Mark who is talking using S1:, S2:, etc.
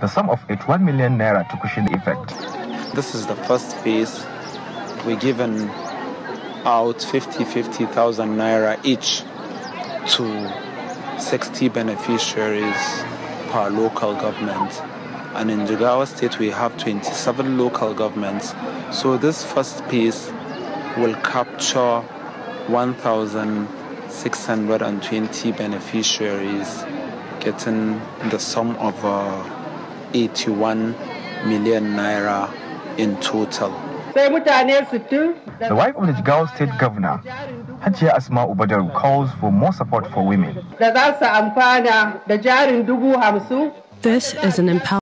S1: the sum of 81 million naira to cushion the effect.
S2: This is the first phase. We're given out 50, 50,000 naira each to 60 beneficiaries per local government. And in Jigawa state, we have 27 local governments. So this first piece will capture 1,620 beneficiaries getting the sum of uh, 81 million naira in total.
S3: The wife
S1: of the Jigawa State Governor, Hajiya Asma Ubadaru, calls for more support for women.
S3: This is an
S1: empowerment.